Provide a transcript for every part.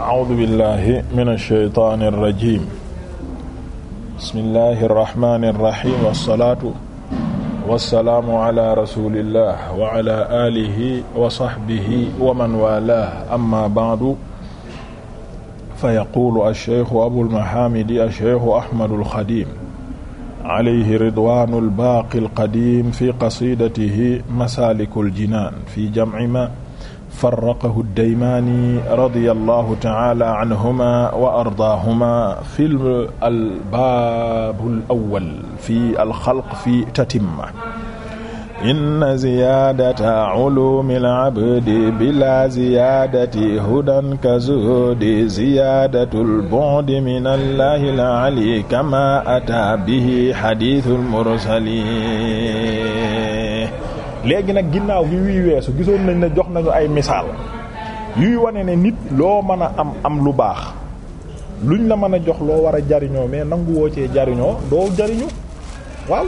a'uudu billahi mina shaytaani rajiim bismillahi rahmaani rahiim wassalaatu wassalaamu ala rasulillah wa ala aalihi wa sahbihi wa man waalaah amma ba'du fa yaquulu ash-shaykhu abul mahaamidi ash-shaykhu ahmadul xadiim alayhi ridwaanul baaqil qadiim fi qasiidatihi masaalikul jinaan fi jam'i maa farraqahu daymaani radiyallahu ta'ala anhuma wa ardaahuma fil baabul awwal fi alxalq fi tatimma. inna ziyaadata culuumil abdi bilaa ziyaadati hudan kazuhdi ziyaadatul bu'di minallaahil aliyyi kamaa ataa bihi hadiisul mursaliin léegi nag ginnaaw gi yuy weesu gisoon nañ ne jox nañu ay misaal yuy wane ne nit loo mën a am am lu baax luñ la mën a jox loo war a jariñoo mais nangu woo cee jariñoo doo jariñu waaw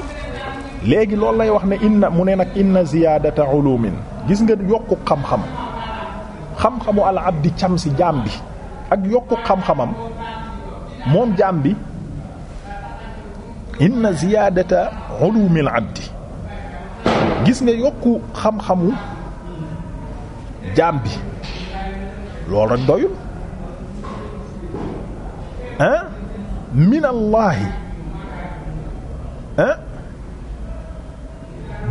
léegi loolu lay wax ne in na mu ne nag inna ziyaadata ulumin gis nga yokku xam-xam xam-xamu al abdi cam si jaam bi ak yokku xam-xamam moom jaam bi inna ziyaadata ulumil abdi gis nga yokku xam-xamu jaam bi loolu rek doyul ah minallaahi ah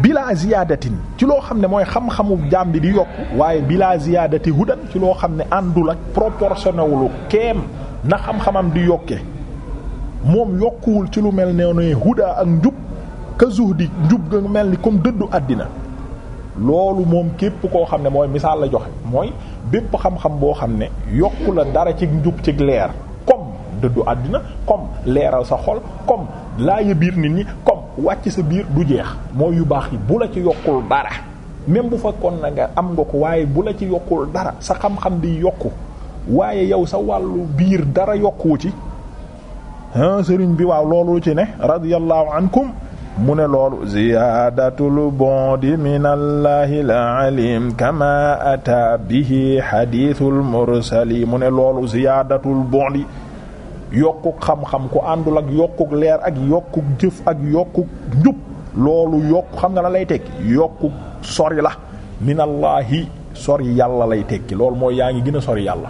bilaa ziyaadatin ci loo xam ne mooy xam-xamu jaam bi di yokku waaye bilaa ziyaadati hudan ci loo xam ne àndul ak proportionné keem na xam-xamam di yokke moom yokkuwul ci lu mel ne huda ak njub ka zuhdi njub nga mel ni comme dëddu àddina loolu moom képp koo xam ne mooy misaal la joxe mooy bépp xam-xam boo xam ne yokku la dara ci njub ci leer comme dëddu àddina comme leeral sa xol comme laaya biir nit ñi comme wàcc sa biir du jeex mooy yu baax yi bu la ci yokkul dara même bu fekkoon na nga am nga ko waaye bu la ci yokkul dara sa xam-xam di yokku waaye yow sa wàllu biir dara yokku ci sëriñ bi waaw loolu ci ne radiyallahu ankum mu ne loolu ziyaadatul bondi minallahi alalim kama ata bihi hadithul mursali mu ne loolu ziyaadatul bondi yokkuk xam-xam ku àndul ak yokkuk leer ak yokkuk jëf ak yokkuk njub loolu yokk xam nga la lay tekki yokkuk sori la minallahi sori yàlla lay tekki loolu mooy yaa ngi gën a sori yàlla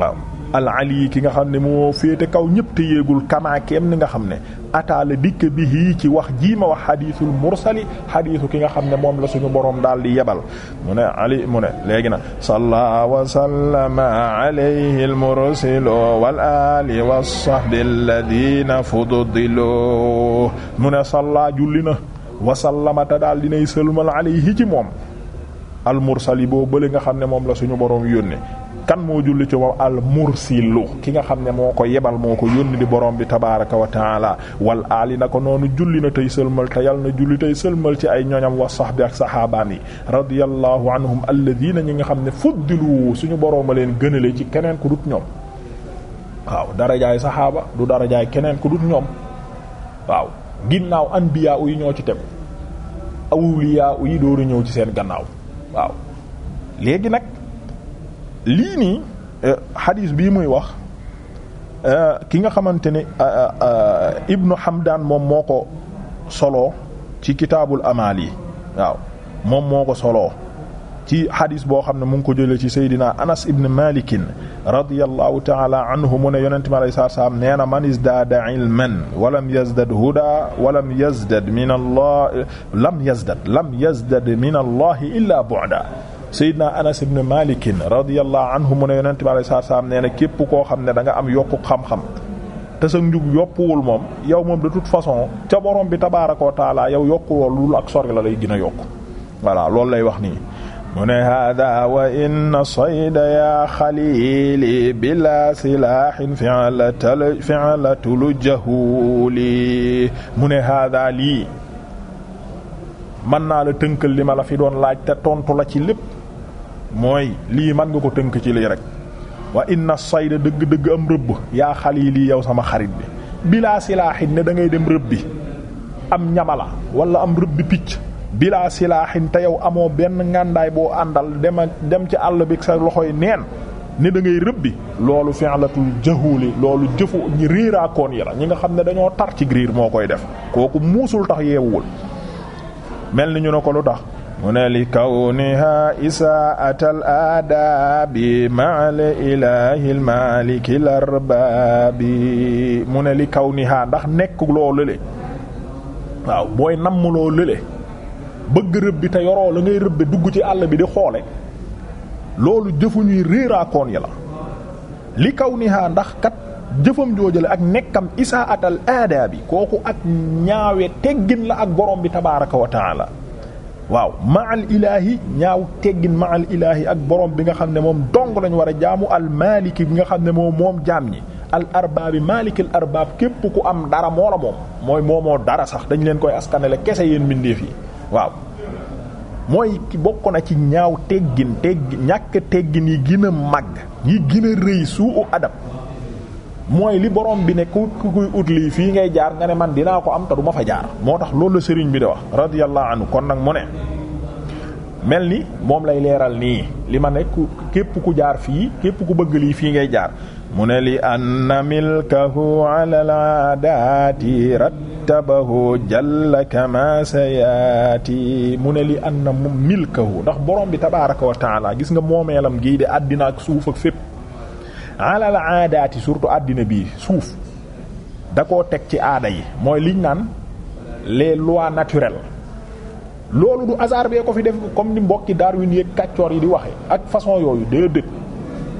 waaw al ali ki nga xam ne moo féete kaw ñëpp te yéegul kamaakeem ni nga xam ne ataala dikk bihi ci wax jii ma wax xadiisul mursali xadiisu ki nga xam ne moom la suñu boroom daal di yebal mu ne ali mu ne léegi na salla wa sallama alayhi al mursilu wal ali wa sahbi alladina fuddilu mu ne salla julli na wa sallamata daal dinay sëlmal ci moom al mursali boo bële nga xam ne moom la suñu boroom yónne kan moo julli ci moom al mursilu ki nga xam ne moo ko yebal moo ko yónni di boroom bi tabaraka wa taala wal aali na ko noonu julli na tey sëlmal te yal na julli tey sëlmal ci ay ñoñam wa sahbi ak sahaabaan yi radiyallahu anhum alladina ñi nga xam ne fuddilu suñu borooma leen gënale ci keneen ku dut ñoom waaw darajaay saxaaba du darajaay keneen ku dut ñoom waaw ginnaaw anbiya yi ñoo ci tegu awliya yi dooru ñëw ci seen gannaaw waaw lii nii euh, xadiis bii muy wax euh, ki nga xamante ne euh, ibnu Hamdan moom moo ko soloo ci kitaabul amaal yi waaw moom moo ko soloo ci xadis boo xam ne mu ngi ko jëlee ci Seydina Anas ibn Malikin radiyallahu taala anhu mu ne yonent mi nee na man izdaada ilman walam yazdad huda walam yazdad min Allah lam yazdad lam Allah illa bu'da Seydina Anas ibn Malik radiyallahu anhu mu nee na képp koo xam ne da nga am yokku xam-xam te sa njub yokkuwul moom yow moom de toute façon ca borom bi tabaaraka wa taala yow yokkuwul loolu ak sori la lay gën a yokku voilà loolu lay wax nii. mu ne hada wa inna sayda ya xalili bila silahin fi'latul fi'latul jahuli mu ne hada lii mën naa la tënkal li ma la fi doon laaj te tontu la ci lépp mooy lii man nga ko tënk ci lii rek wa inna sayda dëgg-dëgg am rëbb yaa xalili yow sama xarit bi bilaa silaaxin ne da ngay dem rëbbi am ñamala walla am rëbbi picc bilaa silaaxin te yow amoo benn ngàndaay boo àndal dem dem ci àll bi sa loxoy neen ne da ngay rëbbi loolu fi'latul jahuli loolu jëfu ñi réeraakoon yi la ñi nga xam ne dañoo tar ci griir moo koy def kooku muusul tax yeewul mel ni ñu kolu ko mu ne li kawniha isaatal aadaabi maal ilaahil maalikil arbaabi mu ne li kawniha ndax nekk loo lële waaw booy namm loo lële bëgg rëb bi te yoroo la ngay rëbbe dugg ci àll bi di xoole loolu jëfu ñuy réeraakoon yi la li kawniha ndax kat jëfam joojale ak nekkam isaatal aadaabi kooku ak ñaawe teggin la ak borom bi tabaaraka wa taala waaw maal ilaahi ñaaw teggin maal ilaahi ak borom bi nga xam ne moom dong lañ war a jaamu al maliki bi nga xam ne moom moom jaam ñi al arbaabi maalikil arbaab képp ku am dara moo la moom mooy moomoo dara sax dañ leen koy askanele kese yéen mbindeef yi waaw mooy bokk na ci ñaaw teggin teggi ñàkk teggin yi gën mag màgg yi gën rëy suu adab mooy li borom bi ne ku kuy ut lii fii ngay jaar nga ne man dinaa ko am te du fa jaar moo tax loolu la sëriñ bi di wax radiyallahu anhu kon nag mu ne mel ni moom lay leeral nii li ma ne ku képp ku jaar fii képp ku bëgg lii fii ngay jaar mu ne li anna milkahu ala al-aadati rattabahu jalla kama sayati mu ne li anna milkahu ndax borom bi tabaaraka wa taala gis nga moomeelam gii di àddina ak suuf fépp alal aadaati surtout àddina bii suuf da koo teg ci aada yi mooy liñ naan les lois naturelles loolu du hasard bee ko fi def comme ni mbokki Darwin yeeg kàccoor yi di waxe ak façon yooyu déedéet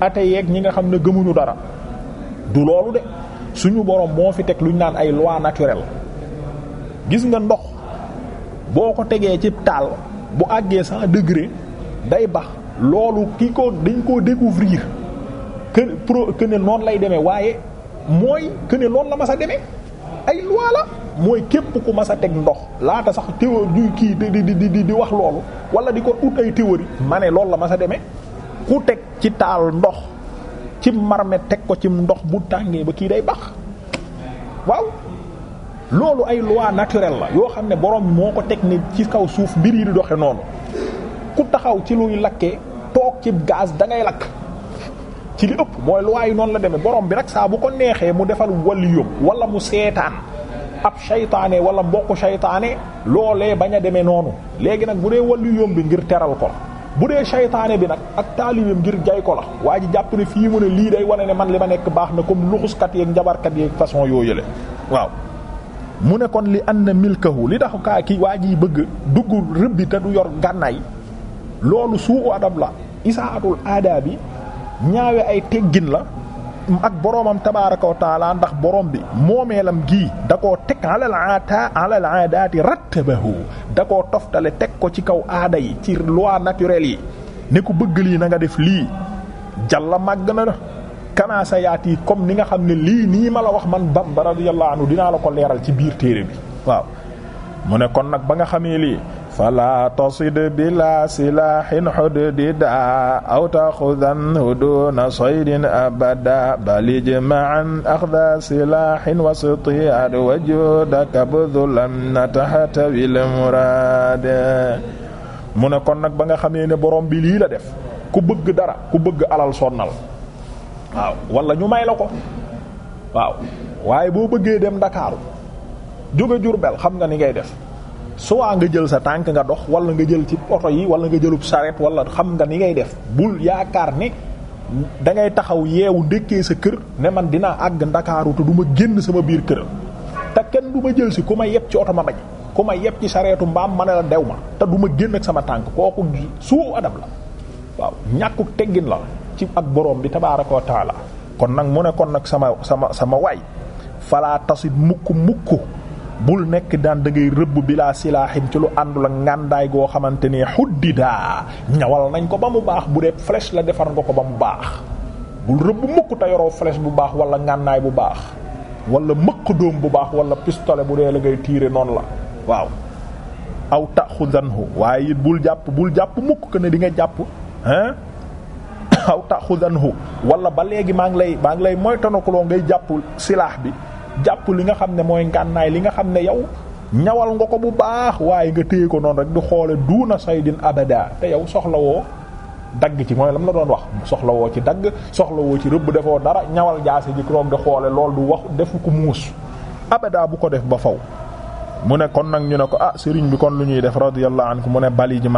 ate yeeg ñi nga xam ne gëmuñu dara du loolu de suñu borom moo fi teg luñ naan ay lois naturel gis nga ndox boo ko tegee ci taal bu àggee cent degré day bax loolu ki ko dañ koo découvrir que pro que ne noonu lay demee waaye mooy que ne noonu la mas a demee ay loi la mooy képp ku mas a teg ndox laata sax théorie du kii di di di wax loolu wala di ko ut ay théorie ma ne loolu la mas a demee ku teg ci taal ndox ci marmet teg ko ci ndox bu tàngee ba kii day bax waaw loolu ay loi naturel la yoo xam ne borom moo ko teg ne ci kaw suuf mbir yi di doxe noonu ku taxaw ci luy lakkee toog ci gaz dangay lakk ci li ëpp mooy loi yi noonu la demee borom bi nag saa bu ko neexee mu defal waliyum wala mu seetaan ab saytaane wala mbokku saytaane loolee bañ a demee noonu léegi nag bu dee waliyum bi ngir teral ko bu dee saytaane bi nag ak taalibeem ngir jay ko la waa ji jàpp ne fii mu ne lii day wane ne man li ma nekk baax na comme luxuskat yeeg njabarkat yeeg façon yoo yële waaw. mu ne kon li ànd milkahu li tax ki waa jiy bëgg dugg rëbbi te du yor gànnaay loolu suuxu adab la isaatul aadaa bi. ñaawe ay teggin la ak boroomam tabaaraka wa ndax borom bi moomeelam gii da koo teg alal aata alal aadaati rattabahu da koo toftale teg ko ci kaw aada yi ci loi naturelle yi ne ku bëgg lii na nga def lii la màgg na kanaa sa yi comme ni nga xam ne lii nii ma la wax man Bamba radiyallahu anhu dinaa la ko leeral ci biir téere bi waaw mu ne kon nag ba nga xamee lii fala tasid bila silaahin xuddidaa aw taxudanhu duna saydin abada balijmaan axda silaahin wasitiyad wajudaka bdhulan tahtawil muraad mu ne kon nag ba nga xamee ne borom bi lii la def ku bëgg dara ku bëgg alal sonnal waaw wala ñu may la ko waaw waaye boo bëggee dem Ndakaaru jóge Jurbel xam nga ni ngay def soit nga jël sa tànk nga dox wala nga jël ci oto yi wala nga jëlu charrette wala xam nga ni ngay def bul yaakaar ne da ngay taxaw yeewu ndékkee sa kër ne man dinaa àgg ndakaaru te du ma génn sama biir kër te kenn du ma jël si ku ma yeb ci oto ma bañ ku ma yeb ci sareetu mbaam ma ne la dew ma te du ma génn ak sama tànk kooku suu adab la waaw ñàkku teggin la ci ak borom bi tabaaraka wa taala kon nag mu ne kon nag sama sama sama waay falaa tasit mukk mukk bul nekk daan dangay rëbb bi laa silaahin ci lu àndul ak goo xamante ne xuddidaa ñawal nañ ko ba mu baax bu dee flèche la defar nga ko ba mu baax bul rëbb mukk te yoroo bu baax wala ngàndaay bu baax wala mëq dóom bu baax wala pistolet bu dee la ngay tiire noonu la waaw aw taxudanhu waaye it bul jàpp bul jàpp mukk que ne di nga jàpp hein aw taxudanhu wala ba léegi maa ngi lay maa ngi lay moytanakuloo ngay jàpp silaax bi jàpp li nga xam ne mooy ngànnaay li nga xam ne yow ñawal nga ko bu baax waaye nga téye ko noonu rek di xoole duuna saydin abada te yow soxla woo dagg ci mooy lam la doon wax soxla woo ci dagg soxla soxlawoo ci rëbb defoo dara ñawal jaase ji kroog di xoole lool du wax defu ko muus abada bu ko def ba faw mu ne kon nag ñu ne ko ah sëriñ bi kon lu ñuy def radiyallahu anhu mu ne bali ji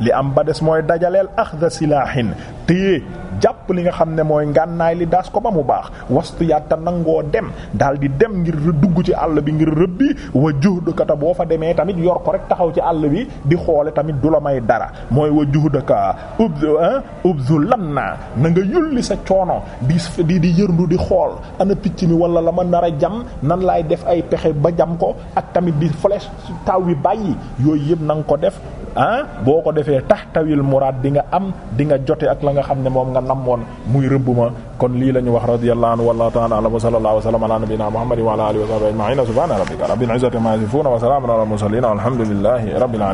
li am ba des mooy dajaleel axda silaahin téye jàpp li nga xam ne mooy ngànnaay li daas ko ba mu baax wastu yatta nangoo dem daal di dem ngir dugg ci àll bi ngir rëbbi wa juhdukata boo fa demee tamit yor ko rek taxaw ci àll bi di xoole tamit du la may dara mooy wa juhdaka ah, ubzu ubzu lan naa na nga yulli sa coono di di di yërndu di xool ana picc mi wala la ma nar jam nan laay def ay pexe ba jam ko ak tamit di flèche taw bi bàyyi yooyu yëpp na nga ko def ah boo ko defee tax tawil muraad di nga am di nga jote ak la nga xam ne moom nga namoon muy rëbb ma kon lii la ñu wax radiyallahu anhu wallahu ta'ala a'lam wa sallallahu wa sallama ala nabiyyina muhammadin wa ala alihi wa sahbihi ajma'in subhana rabbika rabbil izzati amma yasifun wa salamun ala al mursalin walhamdulillahi rabbil alamin